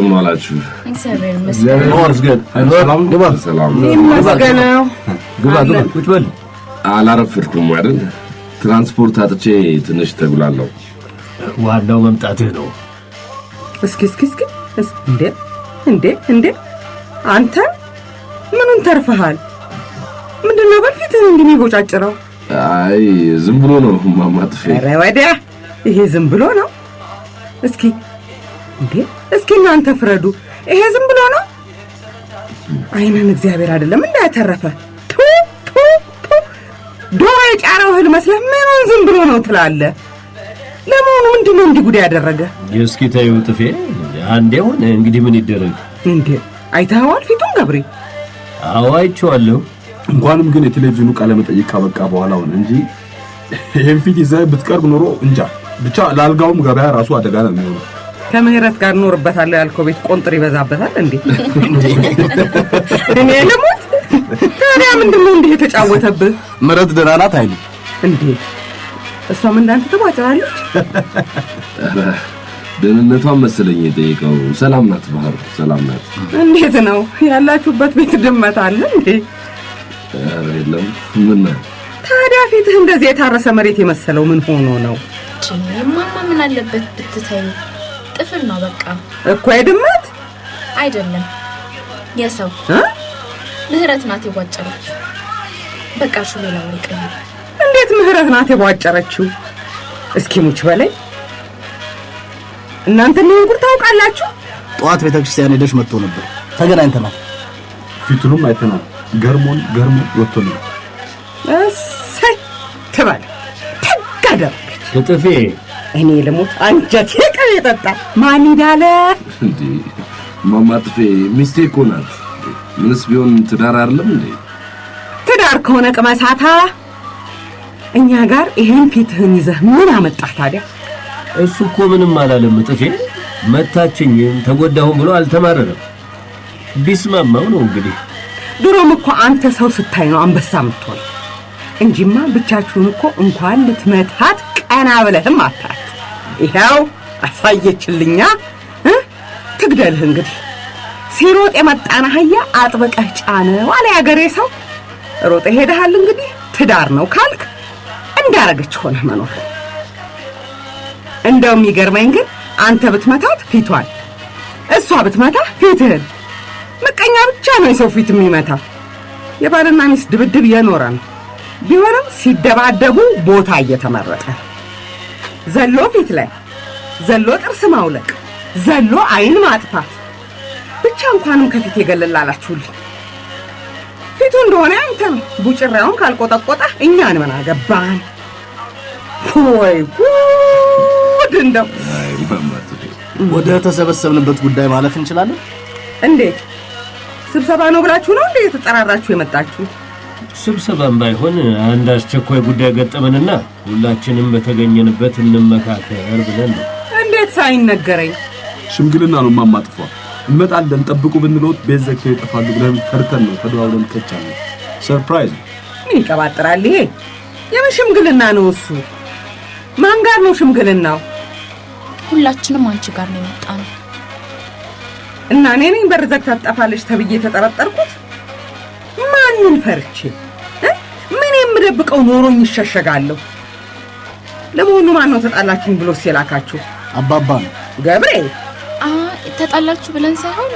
እንደምን አላችሁ? እግዚአብሔር አላረፍድኩም አይደል? ትራንስፖርት አጥቼ ትንሽ ተጉላለሁ። ዋናው መምጣትህ ነው። እስኪ እስኪ እስኪ እንዴ እንዴ እንዴ! አንተ ምኑን ተርፈሃል? ምንድን ነው በልፊትህ እንዲህ የሚቦጫጭረው? አይ ዝም ብሎ ነው ማማጥፌ። ኧረ ወዲያ! ይሄ ዝም ብሎ ነው። እስኪ እንዴ እስኪ እናንተ ፍረዱ። ይሄ ዝም ብሎ ነው? አይነን እግዚአብሔር አይደለም እንዳያተረፈ ቱ ቱ ቱ ዶሮ የጫረው እህል መስለህ ምኑን ዝም ብሎ ነው ትላለህ? ለመሆኑ ምንድን ነው እንዲህ ጉዳ ያደረገ? እስኪ ታዩ ጥፌ አንዴ ሆነ እንግዲህ ምን ይደረግ። እንዴ አይተኸዋል ፊቱን ገብሬ? አዎ አይቼዋለሁ። እንኳንም ግን የቴሌቪዥኑ ቃለ መጠይቅ ካበቃ በኋላ ሆነ እንጂ ይህን ፊት ይዘህ ብትቀርብ ኖሮ እንጃ ብቻ ለአልጋውም ገበያ ራሱ አደጋ ነው የሚሆነው። ከምህረት ጋር እኖርበታለሁ ያልከው ቤት ቆንጥር ይበዛበታል እንዴ? እኔ ልሞት ታዲያ ምንድን ነው እንዲህ የተጫወተብህ? ምህረት ደህና ናት አይሉ እንዴ? እሷም እንዳንተ ትቧጭራለች። ደህንነቷን መሰለኝ የጠየቀው። ሰላም ናት ባህር፣ ሰላም ናት። እንዴት ነው ያላችሁበት ቤት ድመት አለ እንዴ? ኧረ የለም። ምን ታዲያ ፊትህ እንደዚህ የታረሰ መሬት የመሰለው ምን ሆኖ ነው? እማማ ምን አለበት ብትታዩ ጥፍር ነው በቃ እኮ አይደማት አይደለም የሰው ምህረት ናት የቧጨረችው። በቃ ሹ ሌላ ወሬ እንዴት ምህረት ናት የቧጨረችው? እስኪ ሙች በላይ እናንተ ምን ጉድ ታውቃላችሁ? ጠዋት ቤተክርስቲያን ሄደሽ መጥቶ ነበር፣ ተገናኝተናል። ፊቱንም አይተናል። ገርሞን ገርሞ ወጥቶናል። እሰይ ትበል ተጋደረች እጥፌ እኔ ልሞት አንጀት ይጠጣል። ማን ይዳለ እንዴ? ማማጥፌ ሚስቴ እኮ ናት። ምንስ ቢሆን ትዳር አይደለም እንዴ? ትዳር ከሆነ ቅመሳታ እኛ ጋር ይሄን ፊትህን ይዘህ ምን አመጣህ ታዲያ? እሱ እኮ ምንም አላለም። ጥፌ መታችኝም ተጎዳሁም ብሎ አልተማረረም። ቢስማማው ነው እንግዲህ። ድሮም እኮ አንተ ሰው ስታይ ነው አንበሳ የምትሆን እንጂማ ብቻችሁን እኮ እንኳን ልትመታት ቀና ብለህም አታት። ይኸው አሳየችልኛ። ትግደልህ እንግዲህ። ሲሮጥ የመጣን አህያ አጥብቀህ ጫነው አለ ያገሬ ሰው። ሮጥ ሄደሃል እንግዲህ። ትዳር ነው ካልክ እንዳረገች ሆነ መኖር። እንደው የሚገርመኝ ግን አንተ ብትመታት ፊቷን፣ እሷ ብትመታ ፊትህን። ምቀኛ ብቻ ነው የሰው ፊት የሚመታ። የባልና ሚስት ድብድብ የኖረ ነው። ቢሆንም ሲደባደቡ ቦታ እየተመረጠ ዘሎ ፊት ላይ ዘሎ ጥርስ ማውለቅ፣ ዘሎ አይን ማጥፋት ብቻ እንኳንም ከፊት የገለል ፊቱ እንደሆነ አንተ ነው። ቡጭራውን ካልቆጠቆጠ እኛን ምን አገባን? ወይ ጉድ! እንደው ወደ ተሰበሰብንበት ጉዳይ ማለፍ እንችላለን። እንዴት ስብሰባ ነው ብላችሁ ነው እንዴ የተጠራራችሁ የመጣችሁ? ስብሰባም ባይሆን አንድ አስቸኳይ ጉዳይ ገጠመንና ሁላችንም በተገኘንበት እንመካከር ብለን ነው። ማለት ሳይነገረኝ ሽምግልና ነው ማማጥፋ እንመጣለን ጠብቁ ብንሎት ቤት ዘግተው ይጠፋሉ ብለን ፈርተን ነው ተደዋውለን ከቻለ ሰርፕራይዝ ምን ይቀባጥራል ይሄ? የምን ሽምግልና ነው እሱ? ማን ጋር ነው ሽምግልናው? ሁላችንም አንቺ ጋር ነው የመጣ እና እኔ ነኝ በር ዘግታ ትጠፋለች ተብዬ የተጠረጠርኩት ማንን ፈርቼ ምን የምደብቀው ኖሮኝ ይሸሸጋለሁ? ለመሆኑ ማን ነው ተጣላችሁኝ ብሎ ሲላካችሁ አባባ ነው ገብሬ። ተጣላችሁ ብለን ሳይሆን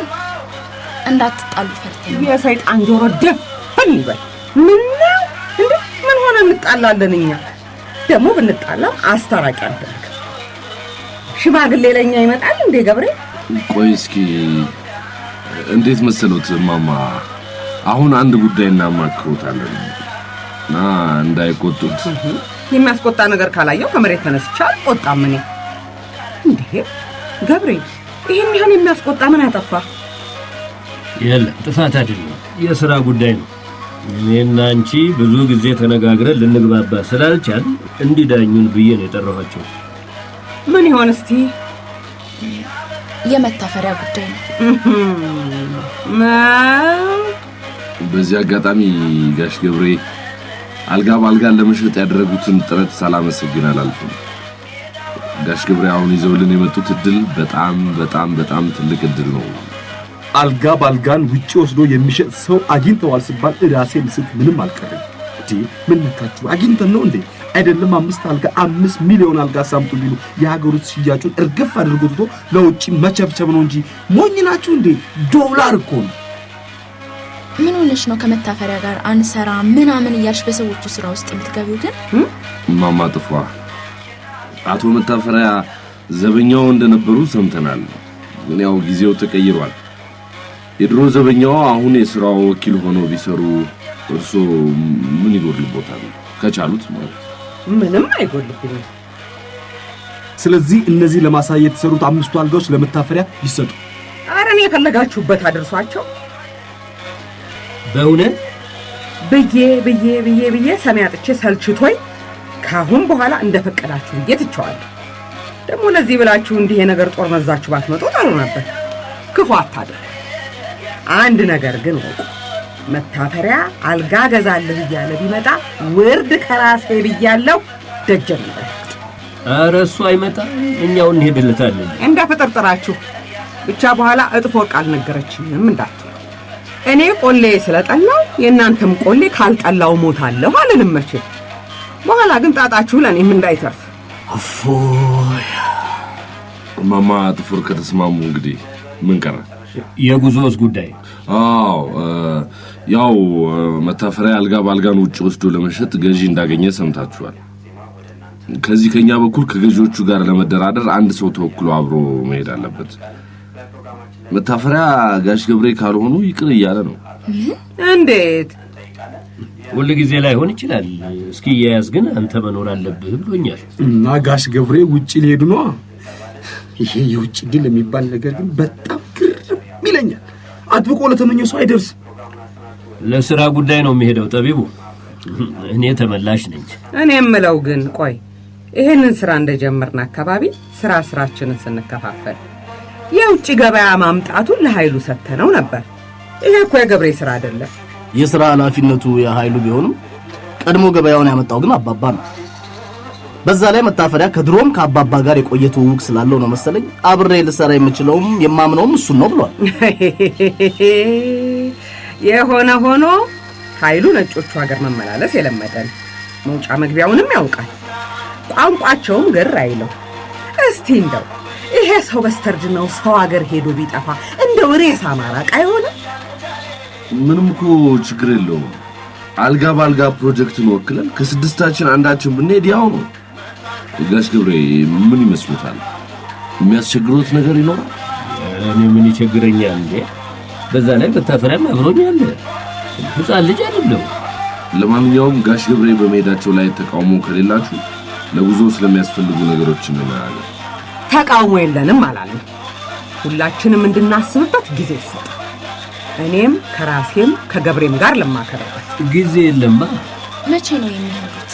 እንዳትጣሉ ፈርተን። የሰይጣን ጆሮ ደፍን ይበል። ምን እንደ ምን ሆነ? እንጣላለን። እኛ ደግሞ ብንጣላ አስታራቂ አልፈልግም። ሽማግሌ ለኛ ይመጣል እንዴ ገብሬ? ቆይ እስኪ እንዴት መሰሉት ማማ፣ አሁን አንድ ጉዳይ እናማክሮታለን እና እንዳይቆጡት የሚያስቆጣ ነገር ካላየው ከመሬት ተነስቻ አልቆጣም እኔ እንዴ ገብርኤል፣ ይህን ያህል የሚያስቆጣ ምን አጠፋ? የለም ጥፋት አይደለም፣ የሥራ ጉዳይ ነው። እኔና አንቺ ብዙ ጊዜ ተነጋግረን ልንግባባ ስላልቻል እንዲዳኙን ብዬ ነው የጠራኋቸው። ምን ይሆን እስቲ? የመታፈሪያ ጉዳይ ነው። በዚህ አጋጣሚ ጋሽ ገብሬ አልጋ በአልጋ ለመሸጥ ያደረጉትን ጥረት ሳላመሰግን አላልፍም። ጋሽ ገብሬ አሁን ይዘውልን የመጡት እድል በጣም በጣም በጣም ትልቅ እድል ነው። አልጋ ባልጋን ውጪ ወስዶ የሚሸጥ ሰው አግኝተዋል ሲባል እራሴ ምስት ምንም አልቀርም። እንዴ ምን ነካችሁ? አግኝተን ነው እንዴ? አይደለም አምስት አልጋ አምስት ሚሊዮን አልጋ ሳምጡ ቢሉ የሀገሩት ሽያጩን እርግፍ አድርጎ ትቶ ለውጭ መቸብቸብ ነው እንጂ ሞኝ ናችሁ እንዴ? ዶላር እኮ ነው። ምን ሆነሽ ነው ከመታፈሪያ ጋር አንሰራ ምናምን እያልሽ በሰዎቹ ስራ ውስጥ የምትገቢው? ግን ጥፏ አቶ መታፈሪያ ዘበኛው እንደነበሩ ሰምተናል። ግን ያው ጊዜው ተቀይሯል። የድሮ ዘበኛው አሁን የሥራው ወኪል ሆነው ቢሰሩ እርሶ ምን ይጎድልቦታል? ከቻሉት ማለት ምንም አይጎድልብኝም። ስለዚህ እነዚህ ለማሳየት የተሰሩት አምስቱ አልጋዎች ለመታፈሪያ ይሰጡ። አረ እኔ የፈለጋችሁበት አድርሷቸው። በእውነት ብዬ ብዬ ብዬ ብዬ ሰሚያጥቼ ሰልችቶኝ ከአሁን በኋላ እንደፈቀዳችሁ ብዬ ትቸዋለሁ። ደግሞ ለዚህ ብላችሁ እንዲህ የነገር ጦር መዛችሁ ባትመጡ ጥሩ ነበር። ክፉ አታድርግ። አንድ ነገር ግን ወቁ፣ መታፈሪያ አልጋ ገዛለሁ እያለ ቢመጣ ውርድ ከራሴ ብያለው። ደጀን ነበር። ኧረ እሱ አይመጣም፣ እኛው እንሄድለታለን። እንደ ፍጥርጥራችሁ ብቻ በኋላ እጥፎ ቃል ነገረችኝም እንዳት እኔ ቆሌ ስለጠላው የእናንተም ቆሌ ካልጠላው ሞታለሁ አልልም መቼም በኋላ ግን ጣጣችሁ ለእኔም እንዳይተርፍ። እፎይ እማማ ጥፉር ከተስማሙ እንግዲህ ምን ቀረ? የጉዞስ ጉዳይ? አዎ ያው መታፈሪያ አልጋ በአልጋን ውጭ ወስዶ ለመሸጥ ገዢ እንዳገኘ ሰምታችኋል። ከዚህ ከኛ በኩል ከገዢዎቹ ጋር ለመደራደር አንድ ሰው ተወክሎ አብሮ መሄድ አለበት። መታፈሪያ ጋሽ ገብሬ ካልሆኑ ይቅር እያለ ነው። እንዴት ሁል ጊዜ ላይሆን ይችላል። እስኪ እያያዝ ግን አንተ መኖር አለብህ ብሎኛል እና ጋሽ ገብሬ ውጭ ሊሄዱ ነዋ። ይሄ የውጭ ድል የሚባል ነገር ግን በጣም ግርም ይለኛል። አጥብቆ ለተመኘው ሰው አይደርስም። ለስራ ጉዳይ ነው የሚሄደው ጠቢቡ። እኔ ተመላሽ ነኝ። እኔ የምለው ግን ቆይ ይሄንን ስራ እንደጀመርን አካባቢ ስራ ስራችንን ስንከፋፈል የውጭ ገበያ ማምጣቱን ለኃይሉ ሰጥተነው ነበር። ይሄ እኮ የገብሬ ስራ አይደለም። የስራ ኃላፊነቱ የኃይሉ ቢሆንም ቀድሞ ገበያውን ያመጣው ግን አባባ ነው። በዛ ላይ መታፈሪያ ከድሮም ከአባባ ጋር የቆየ ትውውቅ ስላለው ነው መሰለኝ አብሬ ልሰራ የምችለውም የማምነውም እሱን ነው ብሏል። የሆነ ሆኖ ኃይሉ ነጮቹ ሀገር መመላለስ የለመደን መውጫ መግቢያውንም ያውቃል። ቋንቋቸውም ግር አይለው። እስቲ እንደው ይሄ ሰው በስተርጅናው ሰው ሀገር ሄዶ ቢጠፋ እንደው ሬሳ ማራቅ አይሆንም? ምንም እኮ ችግር የለውም። አልጋ በአልጋ ፕሮጀክትን ወክለን ከስድስታችን አንዳችን ብንሄድ ያው ነው። ጋሽ ገብሬ ምን ይመስሉታል? የሚያስቸግሩት ነገር ይኖራል? እኔ ምን ይቸግረኛል እንዴ? በዛ ላይ በታፈሪያም አብሮኝ አለ። ልጅ አይደለም። ለማንኛውም ጋሽ ገብሬ በመሄዳቸው ላይ ተቃውሞ ከሌላችሁ ለጉዞ ስለሚያስፈልጉ ነገሮች እንነጋገር። ተቃውሞ የለንም አላለን። ሁላችንም እንድናስብበት ጊዜ ይሰጥ እኔም ከራሴም ከገብሬም ጋር ለማከራበት ጊዜ የለማ። መቼ ነው የሚሄዱት?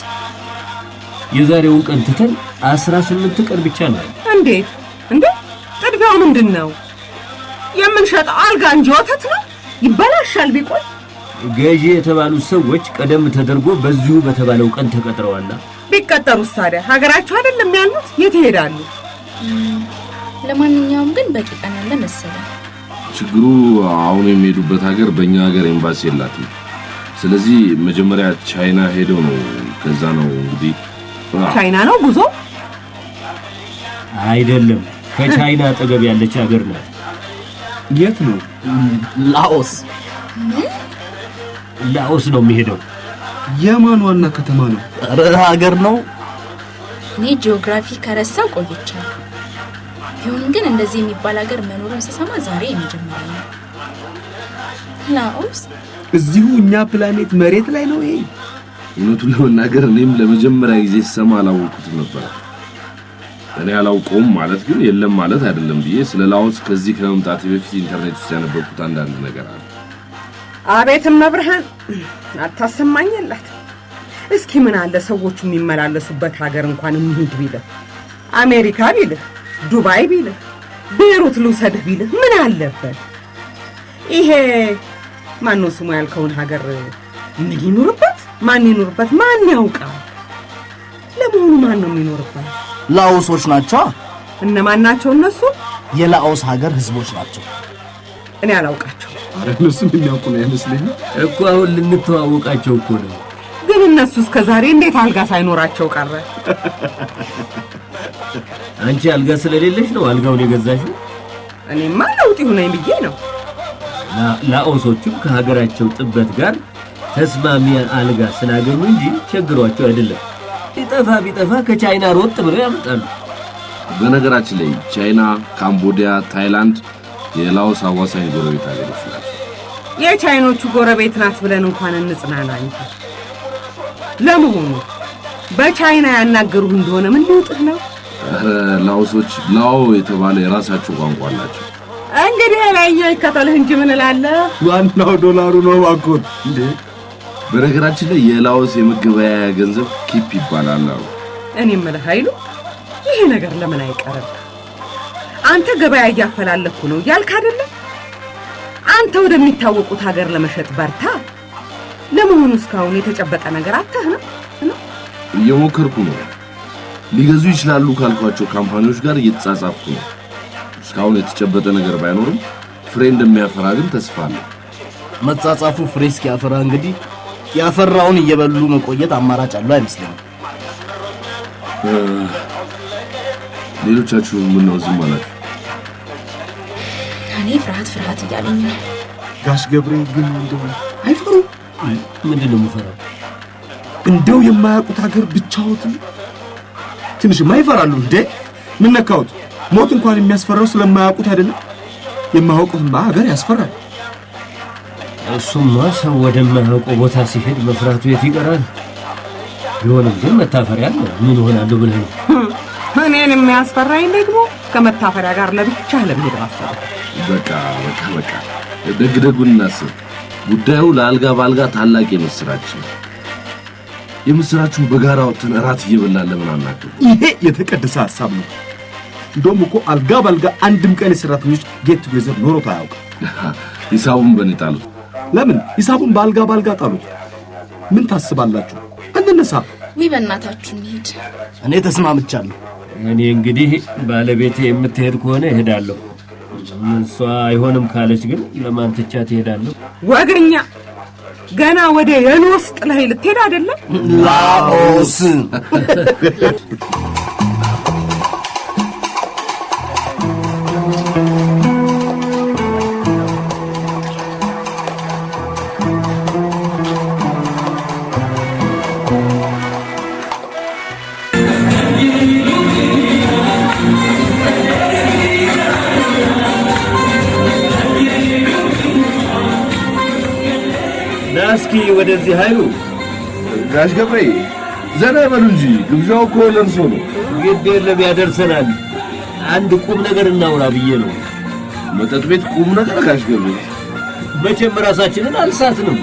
የዛሬውን ቀን ትተን አስራ ስምንት ቀን ብቻ ነው። እንዴት እንዴ! ጥድፊያው ምንድን ነው? የምንሸጠው አልጋ እንጂ ወተት ነው። ይበላሻል ቢቆይ። ገዢ የተባሉት ሰዎች ቀደም ተደርጎ በዚሁ በተባለው ቀን ተቀጥረዋላ። ቢቀጠሩስ ታዲያ ሀገራቸው አይደለም ያሉት? የት ይሄዳሉ? ለማንኛውም ግን በቂ ቀን መሰለኝ ችግሩ አሁን የሚሄዱበት ሀገር በእኛ ሀገር ኤምባሲ የላትም። ስለዚህ መጀመሪያ ቻይና ሄደው ነው ከዛ ነው እንግዲህ ቻይና ነው ጉዞ አይደለም። ከቻይና አጠገብ ያለች ሀገር ናት። የት ነው? ላኦስ። ላኦስ ነው የሚሄደው። የማን ዋና ከተማ ነው? ኧረ ሀገር ነው። እኔ ጂኦግራፊ ከረሳው ቆይቻለሁ። ይሁን ግን እንደዚህ የሚባል ሀገር መኖሩን ስሰማ ዛሬ የመጀመሪያ ነው። ላኦስ እዚሁ እኛ ፕላኔት መሬት ላይ ነው ይሄ። እውነቱን ለመናገር እኔም ለመጀመሪያ ጊዜ ስሰማ አላወቅኩትም ነበር። እኔ አላውቀውም ማለት ግን የለም ማለት አይደለም ብዬ ስለ ላኦስ ከዚህ ከመምጣት በፊት ኢንተርኔት ውስጥ ያነበብኩት አንዳንድ ነገር አለ። አቤትም መብርሃን አታሰማኝላት። እስኪ ምን አለ ሰዎቹ የሚመላለሱበት ሀገር እንኳን እንሂድ ቢልህ አሜሪካ ቢልህ ዱባይ ቢልህ ቤይሩት ልውሰድህ ቢልህ ምን አለበት? ይሄ ማነው ስሙ ያልከውን ሀገር ምን ይኑርበት? ማን ይኑርበት? ማን ያውቃል? ለመሆኑ ማን ነው የሚኖርበት? ላኦሶች ናቸው። እነማን ናቸው እነሱ? የላኦስ ሀገር ህዝቦች ናቸው። እኔ አላውቃቸው። አረ እነሱም የሚያውቁ ነው አይመስለኝ እኮ አሁን ልንተዋወቃቸው እኮ ነው። ግን እነሱ እስከ ዛሬ እንዴት አልጋ ሳይኖራቸው ቀረ? አንቺ አልጋ ስለሌለሽ ነው አልጋውን የገዛሽው? እኔማ ለውጥ ይሁነኝ ብዬ ነው። ላኦሶቹም ከሀገራቸው ጥበት ጋር ተስማሚ አልጋ ስላገኙ እንጂ ቸግሯቸው አይደለም። ቢጠፋ ቢጠፋ ከቻይና ሮጥ ብለው ያመጣሉ። በነገራችን ላይ ቻይና፣ ካምቦዲያ፣ ታይላንድ የላኦስ አዋሳኝ ጎረቤት ሀገሮች ናቸው። የቻይኖቹ ጎረቤት ናት ብለን እንኳን እንጽናና እንጂ። ለመሆኑ በቻይና ያናገሩህ እንደሆነ ምን ልውጥህ ነው? ላውሶች ላው የተባለ የራሳቸው ቋንቋ አላቸው። እንግዲህ ላየ ይከተልህ እንጂ ምን እላለህ። ዋናው ዶላሩ ነው እባክዎት። እንዴ በነገራችን ላይ የላውስ የመገበያያ ገንዘብ ኪፕ ይባላል አሉ። እኔ የምልህ ኃይሉ ይሄ ነገር ለምን አይቀርም? አንተ ገበያ እያፈላለኩ ነው እያልክ አይደለ? አንተ ወደሚታወቁት ሀገር ለመሸጥ በርታ። ለመሆኑ እስካሁን የተጨበጠ ነገር አተህ ነው? እየሞከርኩ ነው ሊገዙ ይችላሉ ካልኳቸው ካምፓኒዎች ጋር እየተጻጻፍኩ ነው። እስካሁን የተጨበጠ ነገር ባይኖርም ፍሬ እንደሚያፈራ ግን ተስፋ አለ። መጻጻፉ ፍሬ እስኪያፈራ እንግዲህ ያፈራውን እየበሉ መቆየት አማራጭ አለው አይመስለኝም። ሌሎቻችሁ ምነው ዝም አላችሁ? እኔ ፍርሃት ፍርሃት እያለኝ ነው። ጋሽ ገብሬ ግን እንደሆነ አይፈሩም። ምንድን ነው የምፈራው? እንደው የማያውቁት ሀገር ብቻዎትን ትንሽማ ይፈራሉ እንዴ? ምን ነካሁት? ሞት እንኳን የሚያስፈራው ስለማያውቁት አይደለም። የማያውቁትማ ሀገር ያስፈራል። እሱማ ሰው ወደማያውቀው ቦታ ሲሄድ መፍራቱ የት ይቀራል? ቢሆንም ግን መታፈሪያ አለ። ምን እሆናለሁ ብለህ ነው? እኔን የሚያስፈራኝ ደግሞ ከመታፈሪያ ጋር ለብቻ ለመሄድ ማሰብ። በቃ በቃ በቃ፣ ደግ እናስብ። ጉዳዩ ለአልጋ በአልጋ ታላቅ የምሥራች ነው። የምስራችሁን በጋራ ወጥተን እራት እየበላን ለምን አናውቅም? ይሄ የተቀደሰ ሀሳብ ነው። እንደውም እኮ አልጋ ባልጋ አንድም ቀን የሰራተኞች ጌት ቱጌዘር ኖሮት አያውቅም። ሂሳቡን በእኔ ጣሉት። ለምን ሂሳቡን በአልጋ ባልጋ ጣሉት? ምን ታስባላችሁ? እንነሳ። ወይ በእናታችሁ እንሂድ። እኔ ተስማምቻለሁ። እኔ እንግዲህ ባለቤቴ የምትሄድ ከሆነ እሄዳለሁ። እሷ አይሆንም ካለች ግን ለማን ትቻ ወገኛ ገና ወደ ውስጥ ላይ ልትሄድ አይደለም ላኦስ እስኪ ወደዚህ ኃይሉ ጋሽ ገብሬ ዘና ይበሉ እንጂ ግብዣው እኮ ለእርሶ ነው። ግድ የለም ያደርሰናል። አንድ ቁም ነገር እናውራ ብዬ ነው። መጠጥ ቤት ቁም ነገር ጋሽ ገብሬ? መቼም ራሳችንን አልሳትንም።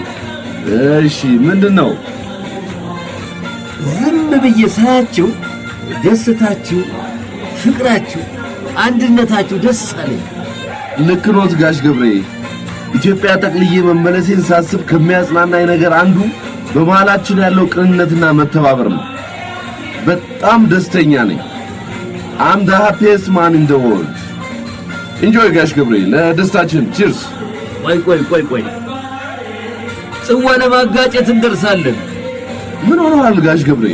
እሺ ምንድን ነው? ዝም ብዬ ሳያችሁ ደስታችሁ፣ ፍቅራችሁ፣ አንድነታችሁ ደስ አለኝ። ልክ ኖት ጋሽ ገብሬ። ኢትዮጵያ ጠቅልዬ መመለሴን ሳስብ ከሚያጽናናኝ ነገር አንዱ በመሃላችን ያለው ቅንነትና መተባበር ነው። በጣም ደስተኛ ነኝ። አም ዘ ሃፒየስት ማን ኢን ዘ ወርልድ። ኢንጆይ ጋሽ ገብሬ፣ ለደስታችን ቺርስ። ቆይ ቆይ ቆይ ቆይ፣ ጽዋ ለማጋጨት እንደርሳለን። ምን ሆነዋል ጋሽ ገብሬ?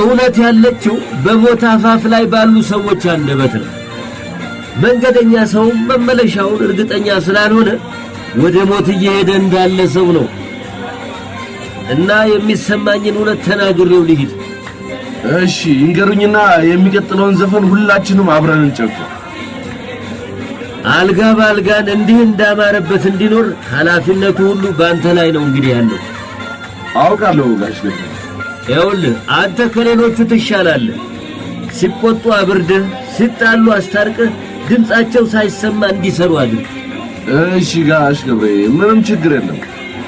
እውነት ያለችው በቦታ አፋፍ ላይ ባሉ ሰዎች አንደበት ነው። መንገደኛ ሰው መመለሻውን እርግጠኛ ስላልሆነ ወደ ሞት እየሄደ እንዳለ ሰው ነው እና የሚሰማኝን እውነት ተናግሬው ልሂድ። እሺ ይንገሩኝና የሚቀጥለውን ዘፈን ሁላችንም አብረን እንጨፍ። አልጋ በአልጋን እንዲህ እንዳማረበት እንዲኖር ኃላፊነቱ ሁሉ በአንተ ላይ ነው። እንግዲህ ያለው አውቃለሁ ጋሽ ገ ይኸውልህ አንተ ከሌሎቹ ትሻላለህ። ሲቆጡ አብርድህ፣ ሲጣሉ አስታርቅህ ድምፃቸው ሳይሰማ እንዲሰሩ አድርግ። እሺ ጋሽ ገብሬ፣ ምንም ችግር የለም።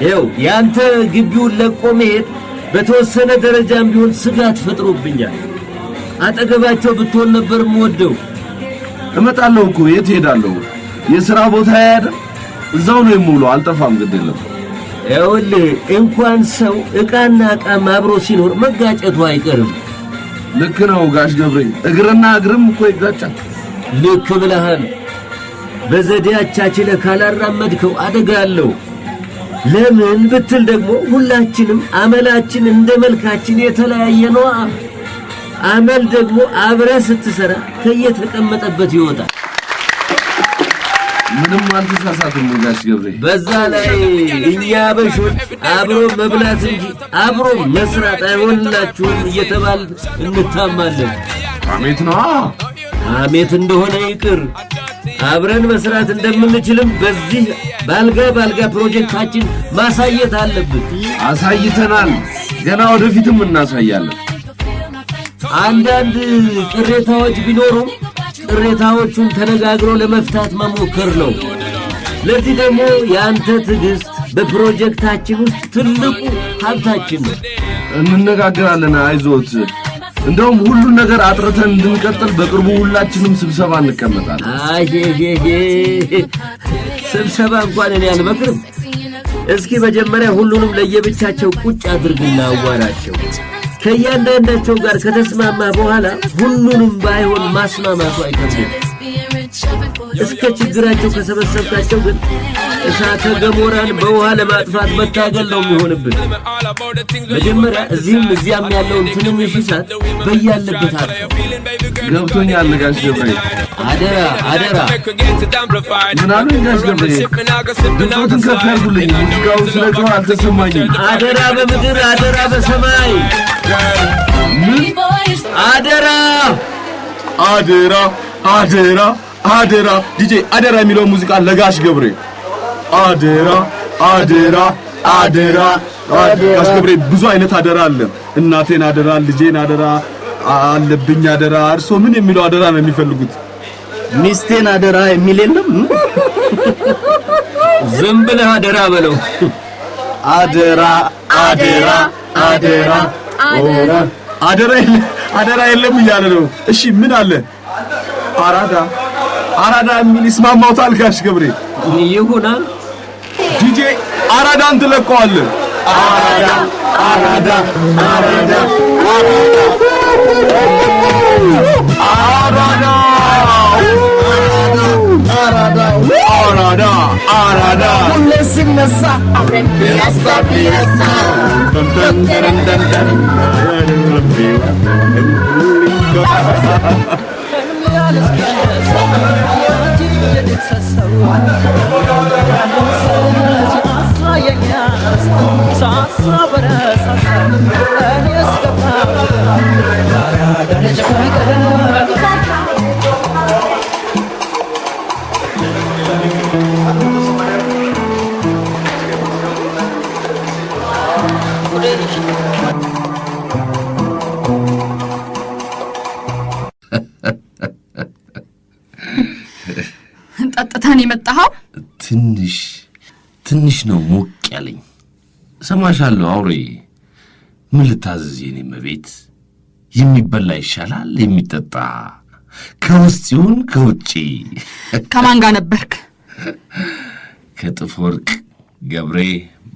ይኸው ያንተ ግቢውን ለቆ መሄድ በተወሰነ ደረጃም ቢሆን ስጋት ፈጥሮብኛል። አጠገባቸው ብትሆን ነበር የምወደው። እመጣለሁ እኮ የት ሄዳለሁ? የሥራ ቦታ ያደ እዛው ነው የምውለው። አልጠፋም፣ ግድ የለም። ይኸውልህ እንኳን ሰው ዕቃና ዕቃም አብሮ ሲኖር መጋጨቱ አይቀርም። ልክ ነው ጋሽ ገብሬ፣ እግርና እግርም እኮ ይጋጫል። ልክ ብለሃል። በዘዴያቻችን ካላራመድከው አደጋ አለው። ለምን ብትል ደግሞ ሁላችንም አመላችን እንደ መልካችን የተለያየ ነው። አመል ደግሞ አብረ ስትሰራ ከየተቀመጠበት ይወጣል። ምንም አልተሳሳትም ጋሽ ገብሬ። በዛ ላይ እኛ በሾች አብሮ መብላት እንጂ አብሮ መስራት አይሆንላችሁም እየተባል እንታማለን። አሜት ነዋ አሜት እንደሆነ ይቅር አብረን መስራት እንደምንችልም በዚህ ባልጋ ባልጋ ፕሮጀክታችን ማሳየት አለብን። አሳይተናል፣ ገና ወደፊትም እናሳያለን። አንዳንድ ቅሬታዎች ቢኖሩም ቅሬታዎቹን ተነጋግሮ ለመፍታት መሞከር ነው። ለዚህ ደግሞ የአንተ ትዕግሥት በፕሮጀክታችን ውስጥ ትልቁ ሀብታችን ነው። እንነጋገራለን። አይዞት እንደውም ሁሉን ነገር አጥርተን እንድንቀጥል በቅርቡ ሁላችንም ስብሰባ እንቀመጣለን። ስብሰባ እንኳን እኔ አልመክርም። እስኪ መጀመሪያ ሁሉንም ለየብቻቸው ቁጭ አድርግና አዋራቸው። ከእያንዳንዳቸው ጋር ከተስማማ በኋላ ሁሉንም ባይሆን ማስማማቱ አይከብድም። እስከ ችግራቸው ከሰበሰብታቸው ግን እሳተ ገሞራን በውሃ ለማጥፋት መታገል ነው የሚሆንብን። መጀመሪያ እዚህም እዚያም ያለውን ትንንሽ እሳት በያለበት አጥፎ ገብቶኛል። ጋሽ ገብሬ አደራ አደራ ምናሉ ጋሽ ገብሬ ድምፆትን ከፍ ያርጉልኝ፣ ሙዚቃውን ስለጮኸ አልተሰማኝም። አደራ በምድር አደራ በሰማይ አደራ አደራ አደራ አደራ ዲጄ አደራ የሚለውን ሙዚቃ ለጋሽ ገብሬ አደራ አደራ አደራ ጋሽ ገብሬ ብዙ አይነት አደራ አለ። እናቴን አደራ፣ ልጄን አደራ፣ አለብኝ አደራ። እርሶ ምን የሚለው አደራ ነው የሚፈልጉት? ሚስቴን አደራ የሚል የለም? ዝም ብለህ አደራ በለው። አደራ አደራ አደራ አደራ አደራ የለም እያለ ነው። እሺ ምን አለ? አራዳ አራዳ የሚል ይስማማውታል ጋሽ ገብሬ? ይሁና ዲጄ አራዳን ትለቀዋለን። አራዳ አራዳ አራዳ አራዳ አራዳ አራዳ ሁሌ ሲነሳ አብረን ቢያሳ ቢያሳ ደንደንደንደንደን صبر صبر ነው ሞቅ ያለኝ። ሰማሻለሁ አውሬ፣ ምን ልታዘዝ የኔ መቤት? የሚበላ ይሻላል የሚጠጣ ከውስጥ ይሁን ከውጪ። ከማን ጋር ነበርክ? ከጥፍ ወርቅ ገብሬ፣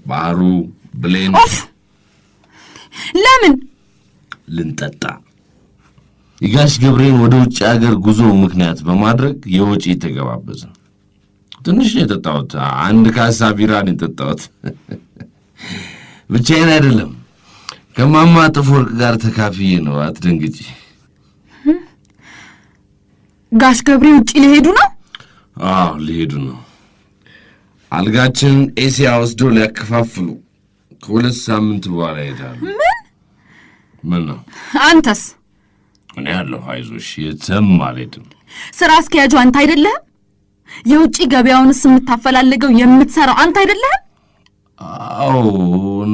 ባህሩ፣ ብሌን። ኦፍ! ለምን ልንጠጣ የጋሽ ገብሬን ወደ ውጭ አገር ጉዞ ምክንያት በማድረግ የወጪ ተገባበዝን። ትንሽ ነው የጠጣሁት። አንድ ካሳ ቢራ ነው የጠጣሁት። ብቻዬን አይደለም ከማማ ጥፍወርቅ ጋር ተካፍዬ ነው። አትደንግጪ። ጋሽ ገብሬ ውጪ ሊሄዱ ነው? አዎ ሊሄዱ ነው። አልጋችን ኤሲያ ወስዶ ሊያከፋፍሉ ከሁለት ሳምንት በኋላ ይሄዳሉ። ምን ምን ነው? አንተስ? እኔ ያለሁ አይዞሽ፣ የትም አልሄድም። ስራ አስኪያጁ አንተ አይደለህም? የውጭ ገበያውንስ የምታፈላልገው የምትሰራው አንተ አይደለህም? አዎ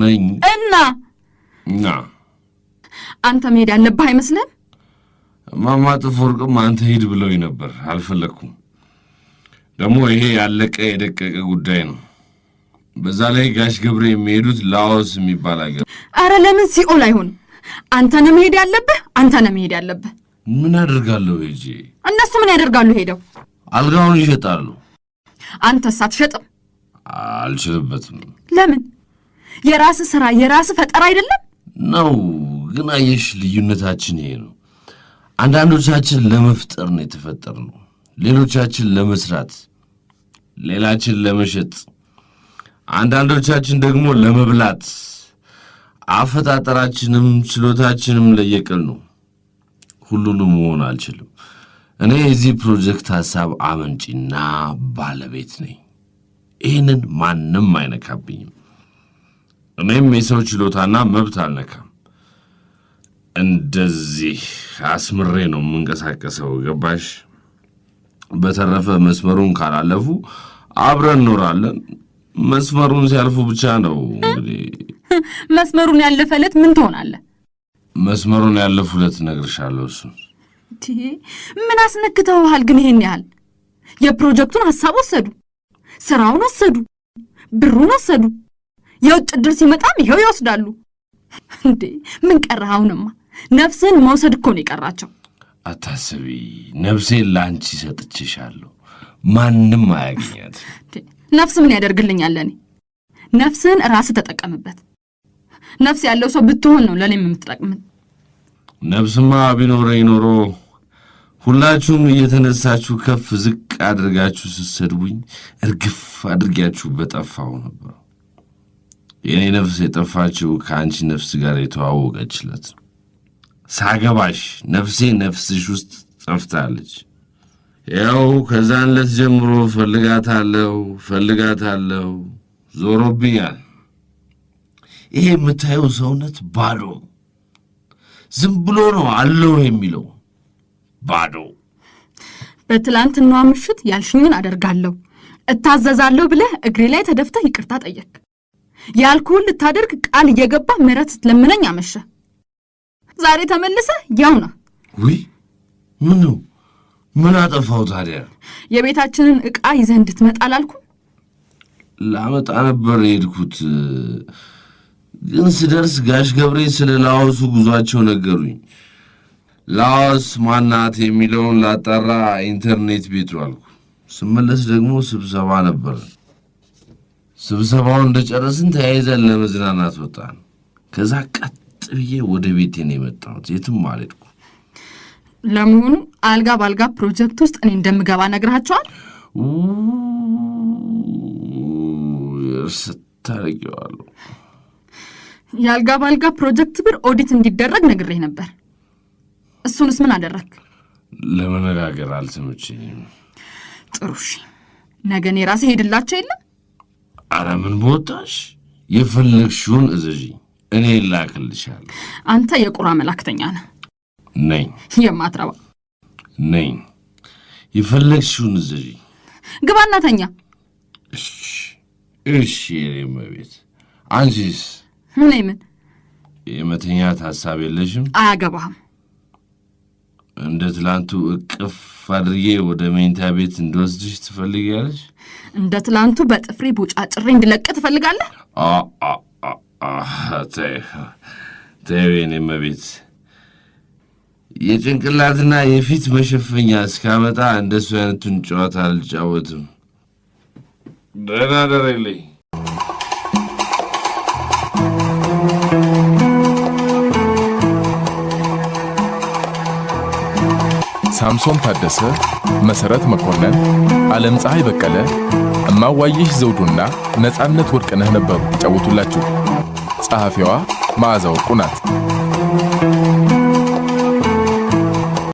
ነኝ። እና ና አንተ መሄድ ያለብህ አይመስልህም? እማማ ጥፍወርቅም አንተ ሂድ ብለውኝ ነበር፣ አልፈለግኩም። ደግሞ ይሄ ያለቀ የደቀቀ ጉዳይ ነው። በዛ ላይ ጋሽ ገብሬ የሚሄዱት ላኦስ የሚባል አገር። አረ ለምን ሲኦል አይሆን? አንተ ነው መሄድ ያለብህ፣ አንተ ነው መሄድ ያለብህ። ምን አደርጋለሁ ሄጄ? እነሱ ምን ያደርጋሉ ሄደው አልጋውን ይሸጣሉ። አንተስ አትሸጥም? አልችልበትም። ለምን? የራስ ስራ የራስ ፈጠራ አይደለም ነው? ግን አየሽ፣ ልዩነታችን ይሄ ነው። አንዳንዶቻችን ለመፍጠር ነው የተፈጠር ነው፣ ሌሎቻችን ለመስራት፣ ሌላችን ለመሸጥ፣ አንዳንዶቻችን ደግሞ ለመብላት። አፈጣጠራችንም ችሎታችንም ለየቅል ነው። ሁሉንም መሆን አልችልም። እኔ የዚህ ፕሮጀክት ሐሳብ አመንጪና ባለቤት ነኝ። ይህንን ማንም አይነካብኝም። እኔም የሰው ችሎታና መብት አልነካም። እንደዚህ አስምሬ ነው የምንቀሳቀሰው። ገባሽ? በተረፈ መስመሩን ካላለፉ አብረን እኖራለን። መስመሩን ሲያልፉ ብቻ ነው እንግዲህ። መስመሩን ያለፈለት ምን ትሆናለህ? መስመሩን ያለፉለት እነግርሻለሁ እሱን ምን አስነክተውሃል ግን ይሄን ያህል? የፕሮጀክቱን ሀሳብ ወሰዱ፣ ስራውን ወሰዱ፣ ብሩን ወሰዱ። የውጭ ድር ሲመጣም ይኸው ይወስዳሉ። እንዴ ምን ቀረህ? አሁንማ ነፍስህን መውሰድ እኮ ነው የቀራቸው። አታስቢ፣ ነፍሴን ለአንቺ ሰጥቼሻለሁ። ማንም አያገኛት። ነፍስ ምን ያደርግልኛል ለእኔ? ነፍስህን ራስህ ተጠቀምበት። ነፍስ ያለው ሰው ብትሆን ነው ለእኔ የምትጠቅምን። ነፍስማ ቢኖረኝ ኖሮ ሁላችሁም እየተነሳችሁ ከፍ ዝቅ አድርጋችሁ ስትሰድቡኝ እርግፍ አድርጊያችሁ በጠፋው ነበር። የእኔ ነፍስ የጠፋችው ከአንቺ ነፍስ ጋር የተዋወቀችለት ሳገባሽ ነፍሴ ነፍስሽ ውስጥ ጠፍታለች። ያው ከዛን ዕለት ጀምሮ ፈልጋታለሁ ፈልጋታለሁ፣ ዞሮብኛል። ይሄ የምታየው ሰውነት ባዶ ዝም ብሎ ነው አለው የሚለው ባዶ በትላንትናዋ ምሽት ያልሽኝን አደርጋለሁ እታዘዛለሁ ብለህ እግሬ ላይ ተደፍተህ ይቅርታ ጠየቅ። ያልኩህን ልታደርግ ቃል እየገባ ምሕረት ስትለምነኝ አመሸ። ዛሬ ተመልሰህ ያው ነ? ውይ ምን ነው ምን አጠፋው ታዲያ? የቤታችንን ዕቃ ይዘህ እንድትመጣ ላልኩ ላመጣ ነበር የሄድኩት፣ ግን ስደርስ ጋሽ ገብሬ ስለ ላወሱ ጉዟቸው ነገሩኝ። ላስ ማናት የሚለውን ላጣራ ኢንተርኔት ቤቱ አልኩ። ስመለስ ደግሞ ስብሰባ ነበር። ስብሰባውን እንደጨረስን ተያይዘን ለመዝናናት ወጣን። ከዛ ቀጥ ብዬ ወደ ቤቴ ነው የመጣሁት። የትም አልሄድኩ። ለመሆኑ አልጋ በአልጋ ፕሮጀክት ውስጥ እኔ እንደምገባ ነግራቸዋል። ስታረጊዋለሁ። የአልጋ በአልጋ ፕሮጀክት ብር ኦዲት እንዲደረግ ነግሬ ነበር። እሱንስ ምን አደረግ? ለመነጋገር አልተመቸኝም። ጥሩ እሺ፣ ነገ እኔ ራሴ ሄድላቸው የለም። አረ ምን በወጣሽ፣ የፈለግሽውን እዘዥ፣ እኔ ላክልሻል። አንተ የቁራ መላክተኛ ነህ። ነኝ። የማትረባ ነኝ። የፈለግሽውን እዘዥ። ግባና እሺ፣ እሺ። ቤት አንቺስ? ምን ምን የመተኛት ሀሳብ የለሽም? አያገባህም እንደ ትላንቱ እቅፍ አድርጌ ወደ መኝታ ቤት እንድወስድሽ ትፈልጊያለሽ? እንደ ትላንቱ በጥፍሬ ቦጫጭሬ እንድለቅ ትፈልጋለህ? ተይኔ መቤት፣ የጭንቅላትና የፊት መሸፈኛ እስካመጣ እንደሱ አይነቱን ጨዋታ አልጫወትም። ደህና ደረልኝ። ሳምሶን ታደሰ፣ መሠረት መኮንን፣ ዓለም ፀሐይ በቀለ፣ እማዋይሽ ዘውዱና ነፃነት ወርቅነህ ነበሩ ይጫወቱላችሁ። ጸሐፊዋ መዓዛ ወርቁ ናት።